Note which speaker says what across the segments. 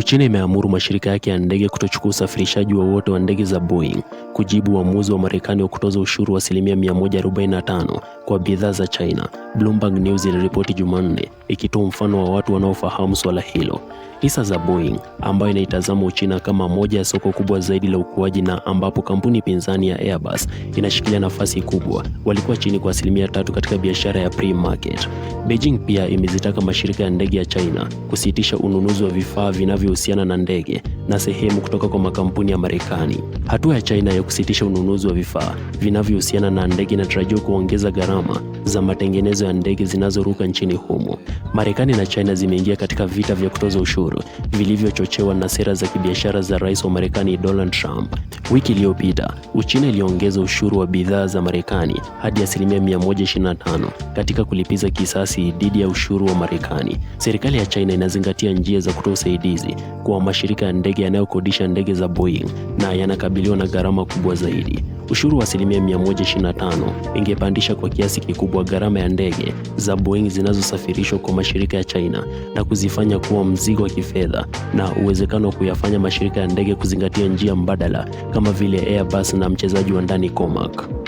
Speaker 1: Uchina imeamuru mashirika yake ya ndege kutochukua usafirishaji wowote wa, wa ndege za Boeing kujibu uamuzi wa Marekani wa kutoza ushuru wa asilimia 145 kwa bidhaa za China, Bloomberg News iliripoti Jumanne ikitoa mfano wa watu wanaofahamu swala hilo. Hisa za Boeing ambayo inaitazama Uchina kama moja ya soko kubwa zaidi la ukuaji na ambapo kampuni pinzani ya Airbus inashikilia nafasi kubwa, walikuwa chini kwa asilimia tatu katika biashara ya pre-market. Beijing pia imezitaka mashirika ya ndege ya China kusitisha ununuzi wa vifaa vinavyohusiana na ndege na sehemu kutoka kwa makampuni ya Marekani. Hatua ya China ya kusitisha ununuzi wa vifaa vinavyohusiana na ndege inatarajiwa kuongeza gharama njama za matengenezo ya ndege zinazoruka nchini humo. Marekani na China zimeingia katika vita vya kutoza ushuru vilivyochochewa na sera za kibiashara za rais wa Marekani Donald Trump. Wiki iliyopita, Uchina iliongeza ushuru wa bidhaa za Marekani hadi asilimia 125 katika kulipiza kisasi dhidi ya ushuru wa Marekani. Serikali ya China inazingatia njia za kutoa usaidizi kwa mashirika ya ndege yanayokodisha ndege za Boeing na yanakabiliwa na gharama kubwa zaidi. Ushuru wa asilimia 125 ingepandisha kwa kiasi kikubwa gharama ya ndege za Boeing zinazosafirishwa kwa mashirika ya China na kuzifanya kuwa mzigo wa kifedha na uwezekano wa kuyafanya mashirika ya ndege kuzingatia njia mbadala kama vile Airbus na mchezaji wa ndani Comac.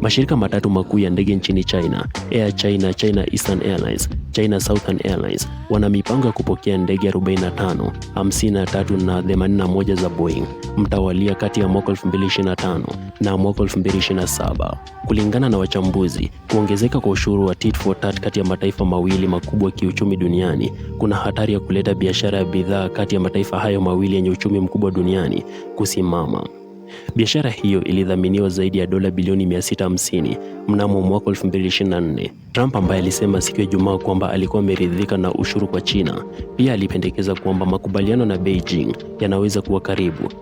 Speaker 1: Mashirika matatu makuu ya ndege nchini China, Air China, China Eastern Airlines, China Southern Airlines, wana mipango ya kupokea ndege 45, 53 na 81 za Boeing mtawalia kati ya mwaka 2025 na mwaka 2027. Kulingana na wachambuzi, kuongezeka kwa ushuru wa tit for tat kati ya mataifa mawili makubwa kiuchumi duniani kuna hatari ya kuleta biashara ya bidhaa kati ya mataifa hayo mawili yenye uchumi mkubwa duniani kusimama. Biashara hiyo ilidhaminiwa zaidi ya dola bilioni 650 mnamo mwaka 2024. Trump ambaye alisema siku ya Ijumaa kwamba alikuwa ameridhika na ushuru kwa China, pia alipendekeza kwamba makubaliano na Beijing yanaweza kuwa karibu